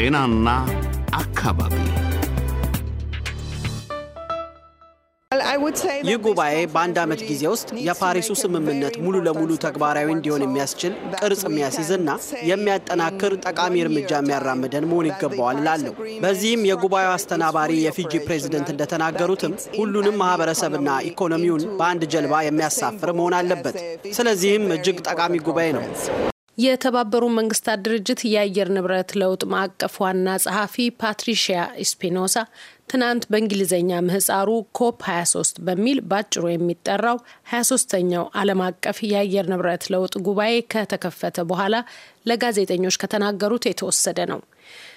ጤናና አካባቢ ይህ ጉባኤ በአንድ ዓመት ጊዜ ውስጥ የፓሪሱ ስምምነት ሙሉ ለሙሉ ተግባራዊ እንዲሆን የሚያስችል ቅርጽ የሚያስይዝና የሚያጠናክር ጠቃሚ እርምጃ የሚያራምደን መሆን ይገባዋል እላለሁ። በዚህም የጉባኤው አስተናባሪ የፊጂ ፕሬዚደንት እንደተናገሩትም ሁሉንም ማህበረሰብና ኢኮኖሚውን በአንድ ጀልባ የሚያሳፍር መሆን አለበት። ስለዚህም እጅግ ጠቃሚ ጉባኤ ነው። የተባበሩ መንግስታት ድርጅት የአየር ንብረት ለውጥ ማዕቀፍ ዋና ጸሐፊ ፓትሪሺያ ስፒኖሳ ትናንት በእንግሊዝኛ ምህፃሩ ኮፕ 23 በሚል ባጭሩ የሚጠራው 23ተኛው ዓለም አቀፍ የአየር ንብረት ለውጥ ጉባኤ ከተከፈተ በኋላ ለጋዜጠኞች ከተናገሩት የተወሰደ ነው።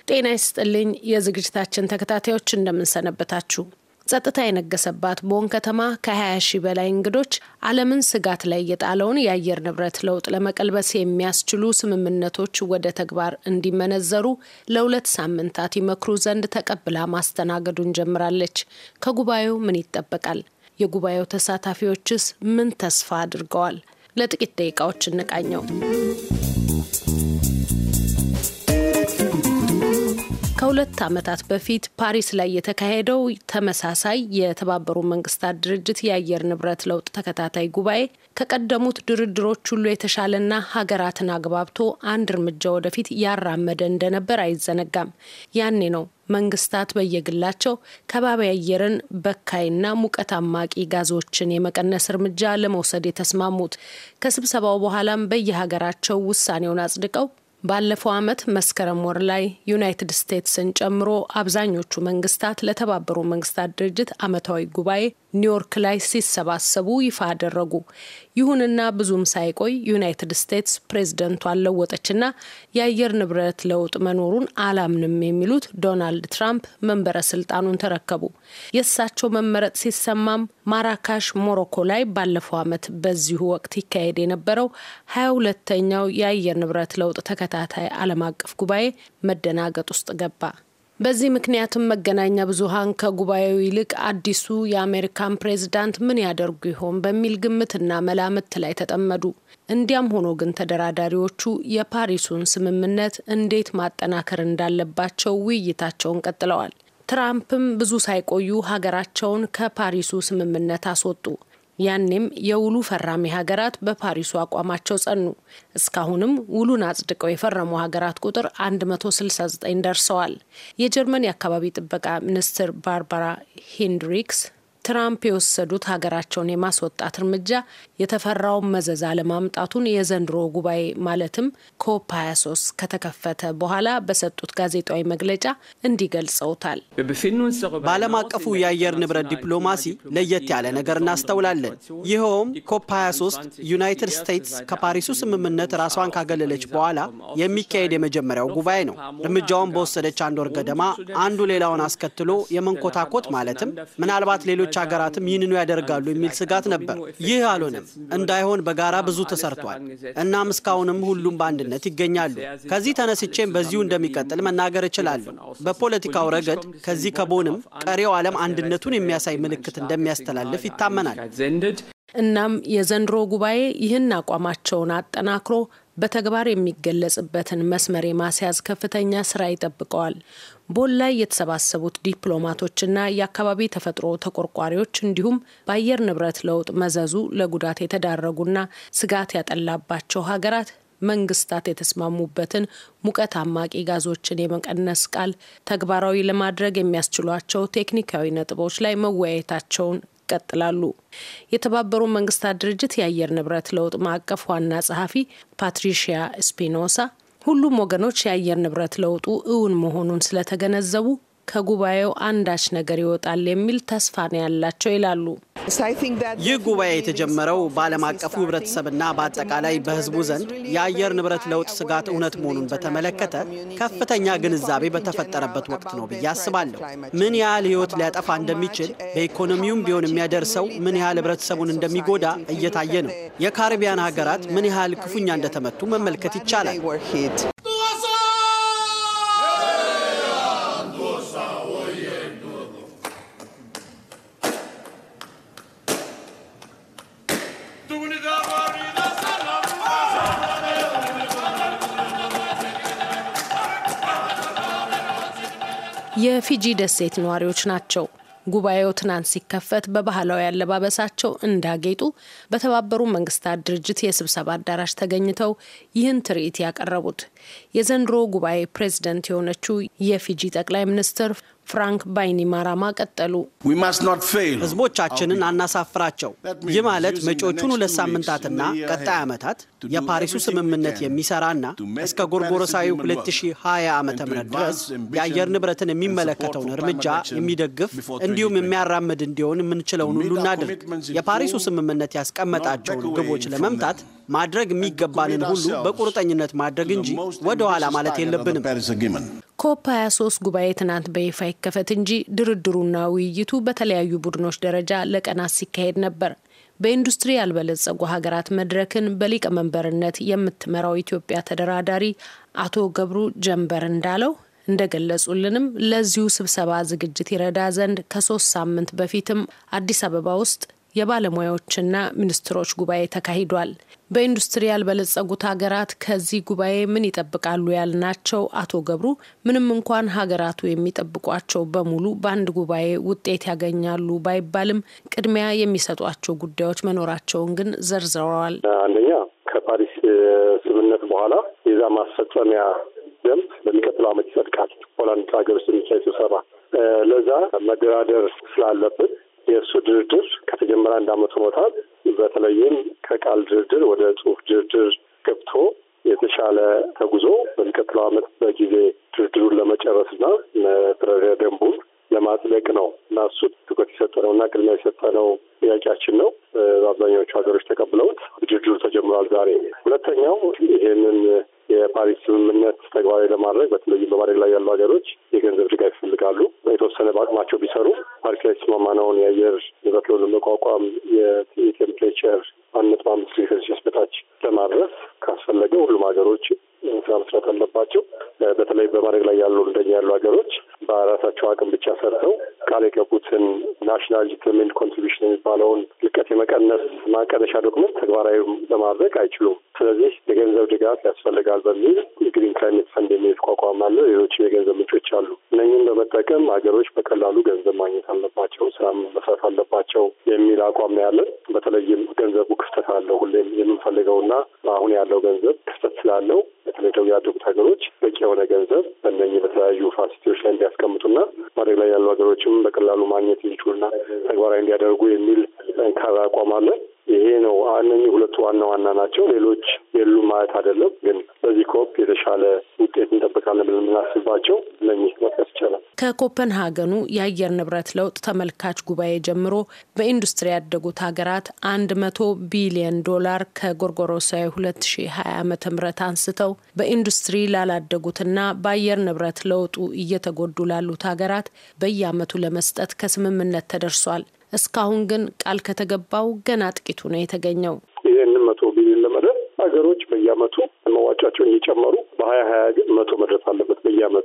ጤና ይስጥልኝ የዝግጅታችን ተከታታዮች እንደምንሰነበታችሁ። ጸጥታ የነገሰባት ቦን ከተማ ከ20 ሺህ በላይ እንግዶች ዓለምን ስጋት ላይ የጣለውን የአየር ንብረት ለውጥ ለመቀልበስ የሚያስችሉ ስምምነቶች ወደ ተግባር እንዲመነዘሩ ለሁለት ሳምንታት ይመክሩ ዘንድ ተቀብላ ማስተናገዱን ጀምራለች። ከጉባኤው ምን ይጠበቃል? የጉባኤው ተሳታፊዎችስ ምን ተስፋ አድርገዋል? ለጥቂት ደቂቃዎች እንቃኘው። ከሁለት ዓመታት በፊት ፓሪስ ላይ የተካሄደው ተመሳሳይ የተባበሩ መንግስታት ድርጅት የአየር ንብረት ለውጥ ተከታታይ ጉባኤ ከቀደሙት ድርድሮች ሁሉ የተሻለና ሀገራትን አግባብቶ አንድ እርምጃ ወደፊት ያራመደ እንደነበር አይዘነጋም። ያኔ ነው መንግስታት በየግላቸው ከባቢ አየርን በካይና ሙቀት አማቂ ጋዞችን የመቀነስ እርምጃ ለመውሰድ የተስማሙት። ከስብሰባው በኋላም በየሀገራቸው ውሳኔውን አጽድቀው ባለፈው ዓመት መስከረም ወር ላይ ዩናይትድ ስቴትስን ጨምሮ አብዛኞቹ መንግስታት ለተባበሩ መንግስታት ድርጅት ዓመታዊ ጉባኤ ኒውዮርክ ላይ ሲሰባሰቡ ይፋ አደረጉ። ይሁንና ብዙም ሳይቆይ ዩናይትድ ስቴትስ ፕሬዝደንቷን ለወጠችና የአየር ንብረት ለውጥ መኖሩን አላምንም የሚሉት ዶናልድ ትራምፕ መንበረ ስልጣኑን ተረከቡ። የእሳቸው መመረጥ ሲሰማም ማራካሽ ሞሮኮ ላይ ባለፈው ዓመት በዚሁ ወቅት ይካሄድ የነበረው ሀያ ሁለተኛው የአየር ንብረት ለውጥ ተከታ ተከታታይ ዓለም አቀፍ ጉባኤ መደናገጥ ውስጥ ገባ። በዚህ ምክንያትም መገናኛ ብዙሃን ከጉባኤው ይልቅ አዲሱ የአሜሪካን ፕሬዝዳንት ምን ያደርጉ ይሆን በሚል ግምትና መላምት ላይ ተጠመዱ። እንዲያም ሆኖ ግን ተደራዳሪዎቹ የፓሪሱን ስምምነት እንዴት ማጠናከር እንዳለባቸው ውይይታቸውን ቀጥለዋል። ትራምፕም ብዙ ሳይቆዩ ሀገራቸውን ከፓሪሱ ስምምነት አስወጡ። ያኔም የውሉ ፈራሚ ሀገራት በፓሪሱ አቋማቸው ጸኑ። እስካሁንም ውሉን አጽድቀው የፈረሙ ሀገራት ቁጥር 169 ደርሰዋል። የጀርመን የአካባቢ ጥበቃ ሚኒስትር ባርባራ ሂንድሪክስ ትራምፕ የወሰዱት ሀገራቸውን የማስወጣት እርምጃ የተፈራውን መዘዝ አለማምጣቱን የዘንድሮ ጉባኤ ማለትም ኮፕ 23 ከተከፈተ በኋላ በሰጡት ጋዜጣዊ መግለጫ እንዲህ ገልጸውታል። በዓለም አቀፉ የአየር ንብረት ዲፕሎማሲ ለየት ያለ ነገር እናስተውላለን። ይኸውም ኮፕ 23 ዩናይትድ ስቴትስ ከፓሪሱ ስምምነት ራሷን ካገለለች በኋላ የሚካሄድ የመጀመሪያው ጉባኤ ነው። እርምጃውን በወሰደች አንድ ወር ገደማ አንዱ ሌላውን አስከትሎ የመንኮታኮት ማለትም ምናልባት ሌሎች ሌሎች ሀገራትም ይህንኑ ያደርጋሉ የሚል ስጋት ነበር። ይህ አልሆነም። እንዳይሆን በጋራ ብዙ ተሰርቷል። እናም እስካሁንም ሁሉም በአንድነት ይገኛሉ። ከዚህ ተነስቼም በዚሁ እንደሚቀጥል መናገር እችላለሁ። በፖለቲካው ረገድ ከዚህ ከቦንም ቀሪው ዓለም አንድነቱን የሚያሳይ ምልክት እንደሚያስተላልፍ ይታመናል። እናም የዘንድሮ ጉባኤ ይህን አቋማቸውን አጠናክሮ በተግባር የሚገለጽበትን መስመር የማስያዝ ከፍተኛ ስራ ይጠብቀዋል። ቦል ላይ የተሰባሰቡት ዲፕሎማቶችና የአካባቢ ተፈጥሮ ተቆርቋሪዎች እንዲሁም በአየር ንብረት ለውጥ መዘዙ ለጉዳት የተዳረጉና ስጋት ያጠላባቸው ሀገራት መንግስታት የተስማሙበትን ሙቀት አማቂ ጋዞችን የመቀነስ ቃል ተግባራዊ ለማድረግ የሚያስችሏቸው ቴክኒካዊ ነጥቦች ላይ መወያየታቸውን ይቀጥላሉ። የተባበሩ መንግስታት ድርጅት የአየር ንብረት ለውጥ ማዕቀፍ ዋና ጸሐፊ ፓትሪሺያ ስፒኖሳ ሁሉም ወገኖች የአየር ንብረት ለውጡ እውን መሆኑን ስለተገነዘቡ ከጉባኤው አንዳች ነገር ይወጣል የሚል ተስፋ ነው ያላቸው ይላሉ። ይህ ጉባኤ የተጀመረው በዓለም አቀፉ ህብረተሰብና በአጠቃላይ በህዝቡ ዘንድ የአየር ንብረት ለውጥ ስጋት እውነት መሆኑን በተመለከተ ከፍተኛ ግንዛቤ በተፈጠረበት ወቅት ነው ብዬ አስባለሁ። ምን ያህል ህይወት ሊያጠፋ እንደሚችል በኢኮኖሚውም ቢሆን የሚያደርሰው ምን ያህል ህብረተሰቡን እንደሚጎዳ እየታየ ነው። የካሪቢያን ሀገራት ምን ያህል ክፉኛ እንደተመቱ መመልከት ይቻላል። የፊጂ ደሴት ነዋሪዎች ናቸው። ጉባኤው ትናንት ሲከፈት በባህላዊ አለባበሳቸው እንዳጌጡ በተባበሩ መንግስታት ድርጅት የስብሰባ አዳራሽ ተገኝተው ይህን ትርኢት ያቀረቡት የዘንድሮ ጉባኤ ፕሬዝደንት የሆነችው የፊጂ ጠቅላይ ሚኒስትር ፍራንክ ባይኒማራ ማቀጠሉ ህዝቦቻችንን አናሳፍራቸው። ይህ ማለት መጪዎቹን ሁለት ሳምንታትና ቀጣይ ዓመታት የፓሪሱ ስምምነት የሚሰራና እስከ ጎርጎረሳዊ 2020 ዓ ም ድረስ የአየር ንብረትን የሚመለከተውን እርምጃ የሚደግፍ እንዲሁም የሚያራምድ እንዲሆን የምንችለውን ሁሉ እናድርግ። የፓሪሱ ስምምነት ያስቀመጣቸውን ግቦች ለመምታት ማድረግ የሚገባንን ሁሉ በቁርጠኝነት ማድረግ እንጂ ወደ ኋላ ማለት የለብንም። ኮፕ 23 ጉባኤ ትናንት በይፋ ይከፈት እንጂ ድርድሩና ውይይቱ በተለያዩ ቡድኖች ደረጃ ለቀናት ሲካሄድ ነበር። በኢንዱስትሪ ያልበለጸጉ ሀገራት መድረክን በሊቀመንበርነት የምትመራው ኢትዮጵያ ተደራዳሪ አቶ ገብሩ ጀንበር እንዳለው እንደገለጹልንም ለዚሁ ስብሰባ ዝግጅት ይረዳ ዘንድ ከሶስት ሳምንት በፊትም አዲስ አበባ ውስጥ የባለሙያዎችና ሚኒስትሮች ጉባኤ ተካሂዷል። በኢንዱስትሪ ያልበለጸጉት ሀገራት ከዚህ ጉባኤ ምን ይጠብቃሉ ያልናቸው አቶ ገብሩ ምንም እንኳን ሀገራቱ የሚጠብቋቸው በሙሉ በአንድ ጉባኤ ውጤት ያገኛሉ ባይባልም ቅድሚያ የሚሰጧቸው ጉዳዮች መኖራቸውን ግን ዘርዝረዋል። አንደኛ ከፓሪስ ስምምነት በኋላ የዛ ማስፈጸሚያ ደንብ በሚቀጥለው ዓመት ይጸድቃል። ሆላንድ ሀገር ውስጥ ስብሰባ ለዛ መደራደር ስላለብን የእሱ ድርድር ከተጀመረ አንድ አመት ሆኖታል። በተለይም ከቃል ድርድር ወደ ጽሁፍ ድርድር ገብቶ የተሻለ ተጉዞ በሚቀጥለው አመት በጊዜ ድርድሩን ለመጨረስና መተዳደሪያ ደንቡን ለማጽደቅ ነው እና እሱ ትኩረት ነው እና ቅድሚያ ነው ጥያቄያችን ነው። በአብዛኛዎቹ ሀገሮች ተቀብለውት ድርድሩ ተጀምሯል ዛሬ። ሁለተኛው ይሄንን የፓሪስ ስምምነት ተግባራዊ ለማድረግ በተለይም በማደግ ላይ ያሉ ሀገሮች የገንዘብ ድጋፍ ይፈልጋሉ። የተወሰነ በአቅማቸው ቢሰሩ ፓሪስ ላይ የተስማማነውን የአየር ንብረት ለውጥ ለመቋቋም የቴምፕሬቸር አንድ ነጥብ አምስት ዲግሪ ሴልሺየስ በታች ለማድረስ ካስፈለገ ሁሉም ሀገሮች ስራ መስራት አለባቸው። በተለይ በማደግ ላይ ያሉ እንደኛ ያሉ ሀገሮች በራሳቸው አቅም ብቻ ሰርተው ቃል የገቡትን ናሽናል ዲፕሎይመንት ኮንትሪቢሽን የሚባለውን ልቀት የመቀነስ ማቀነሻ ዶክመንት ተግባራዊ ለማድረግ አይችሉም። ስለዚህ የገንዘብ ድጋፍ ያስፈልጋል በሚል የግሪን ክላይሜት ፈንድ የሚል ተቋቋም አለ። ሌሎች የገንዘብ ምንጮች አሉ። እነኝን በመጠቀም ሀገሮች በቀላሉ ገንዘብ ማግኘት አለባቸው፣ ስራ መስራት አለባቸው የሚል አቋም ያለን። በተለይም ገንዘቡ ክፍተት አለው። ሁሌም የምንፈልገውና አሁን ያለው ገንዘብ ክፍተት ስላለው በተለይ ያደጉት ሀገሮች በቂ የሆነ ገንዘብ በእነኝህ በተለያዩ ፋሲሊቲዎች ላይ እንዲያስቀምጡና መሬት ላይ ያሉ ሀገሮችም በቀላሉ ማግኘት እንዲችሉና ተግባራዊ እንዲያደርጉ የሚል ጠንካራ አቋም አለን። ይሄ ነው። እነኚህ ሁለቱ ዋና ዋና ናቸው። ሌሎች የሉም ማለት አይደለም፣ ግን በዚህ ኮፕ የተሻለ ውጤት እንጠብቃለን ብለን የምናስባቸው እነኚህ አይቻልም። ከኮፐንሃገኑ የአየር ንብረት ለውጥ ተመልካች ጉባኤ ጀምሮ በኢንዱስትሪ ያደጉት ሀገራት አንድ መቶ ቢሊየን ዶላር ከጎርጎሮሳዊ ሁለት ሺ ሀያ ዓመተ አንስተው በኢንዱስትሪ ላላደጉትና በአየር ንብረት ለውጡ እየተጎዱ ላሉት ሀገራት በየአመቱ ለመስጠት ከስምምነት ተደርሷል። እስካሁን ግን ቃል ከተገባው ገና ጥቂቱ ነው የተገኘው። ይህን መቶ ቢሊዮን ለመድረስ ሀገሮች በየአመቱ መዋጫቸውን እየጨመሩ በሀያ ሀያ ግን መቶ መድረስ አለበት በየአመቱ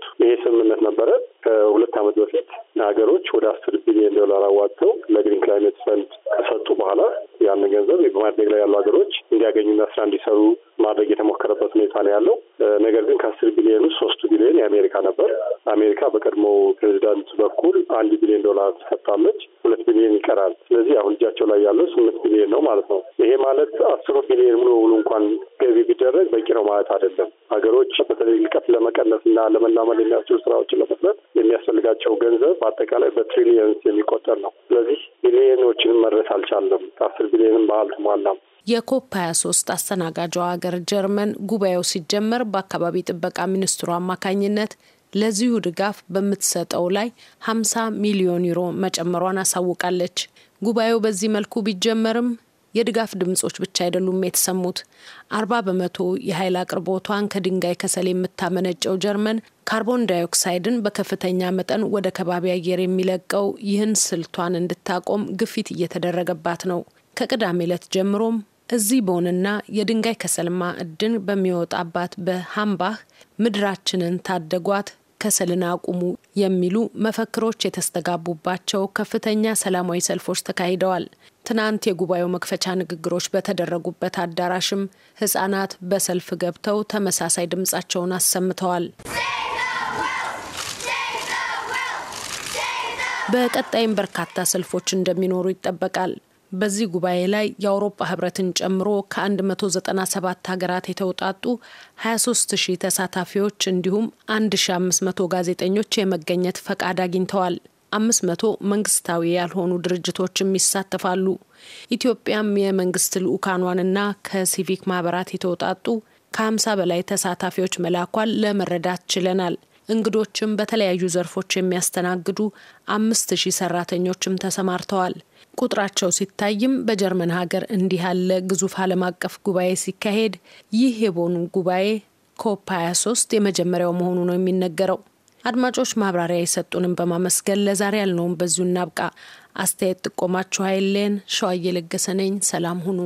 ዓመት በፊት ሀገሮች ወደ አስር ቢሊዮን ዶላር አዋጥተው ለግሪን ክላይሜት ፈንድ ከሰጡ በኋላ ያን ገንዘብ በማደግ ላይ ያሉ ሀገሮች እንዲያገኙና ስራ እንዲሰሩ ማድረግ የተሞከረበት ሁኔታ ነው ያለው። ነገር ግን ከአስር ቢሊዮን ውስጥ ሶስቱ ቢሊዮን የአሜሪካ ነበር። አሜሪካ በቀድሞ ፕሬዚዳንት በኩል አንድ ቢሊዮን ዶላር ሰጥታለች። ሁለት ቢሊዮን ይቀራል። ስለዚህ አሁን እጃቸው ላይ ያለው ስምንት ቢሊዮን ነው ማለት ነው። ይሄ ማለት አስሩ ቢሊዮን ሙሉ በሙሉ እንኳን ገቢ ቢደረግ በቂ ነው ማለት አይደለም። ሀገሮች በተለይ ልቀት ለመቀነስ እና ለመላመል የሚያስችሉ ስራዎችን ለመስረት የሚያስፈልጋቸው ገንዘብ በአጠቃላይ በትሪሊየንስ የሚቆጠር ነው። ስለዚህ ቢሊዮኖችንም መድረስ አልቻለም። አስር ቢሊዮንም ባህል ተሟላም። የኮፕ 23 አስተናጋጇ ሀገር ጀርመን ጉባኤው ሲጀመር በአካባቢ ጥበቃ ሚኒስትሩ አማካኝነት ለዚሁ ድጋፍ በምትሰጠው ላይ 50 ሚሊዮን ዩሮ መጨመሯን አሳውቃለች። ጉባኤው በዚህ መልኩ ቢጀመርም የድጋፍ ድምጾች ብቻ አይደሉም የተሰሙት። አርባ በመቶ የኃይል አቅርቦቷን ከድንጋይ ከሰል የምታመነጨው ጀርመን ካርቦን ዳይኦክሳይድን በከፍተኛ መጠን ወደ ከባቢ አየር የሚለቀው ይህን ስልቷን እንድታቆም ግፊት እየተደረገባት ነው። ከቅዳሜ ዕለት ጀምሮም እዚህ ቦንና የድንጋይ ከሰል ማዕድን በሚወጣባት በሃምባህ ምድራችንን ታደጓት ከሰልን አቁሙ የሚሉ መፈክሮች የተስተጋቡባቸው ከፍተኛ ሰላማዊ ሰልፎች ተካሂደዋል። ትናንት የጉባኤው መክፈቻ ንግግሮች በተደረጉበት አዳራሽም ህጻናት በሰልፍ ገብተው ተመሳሳይ ድምጻቸውን አሰምተዋል። በቀጣይም በርካታ ሰልፎች እንደሚኖሩ ይጠበቃል። በዚህ ጉባኤ ላይ የአውሮፓ ህብረትን ጨምሮ ከ197 ሀገራት የተውጣጡ 23 ተሳታፊዎች እንዲሁም 1500 ጋዜጠኞች የመገኘት ፈቃድ አግኝተዋል። 500 መንግስታዊ ያልሆኑ ድርጅቶችም ይሳተፋሉ። ኢትዮጵያም የመንግስት ልዑካኗንና ከሲቪክ ማህበራት የተውጣጡ ከ50 በላይ ተሳታፊዎች መላኳን ለመረዳት ችለናል። እንግዶችም በተለያዩ ዘርፎች የሚያስተናግዱ አምስት ሺህ ሰራተኞችም ተሰማርተዋል። ቁጥራቸው ሲታይም በጀርመን ሀገር እንዲህ ያለ ግዙፍ ዓለም አቀፍ ጉባኤ ሲካሄድ ይህ የቦኑ ጉባኤ ኮፕ 23 የመጀመሪያው መሆኑ ነው የሚነገረው። አድማጮች ማብራሪያ የሰጡንም በማመስገን ለዛሬ ያልነውም በዚሁ እናብቃ። አስተያየት ጥቆማችሁ ኃይሌን ሸዋ እየለገሰ ነኝ። ሰላም ሁኑ።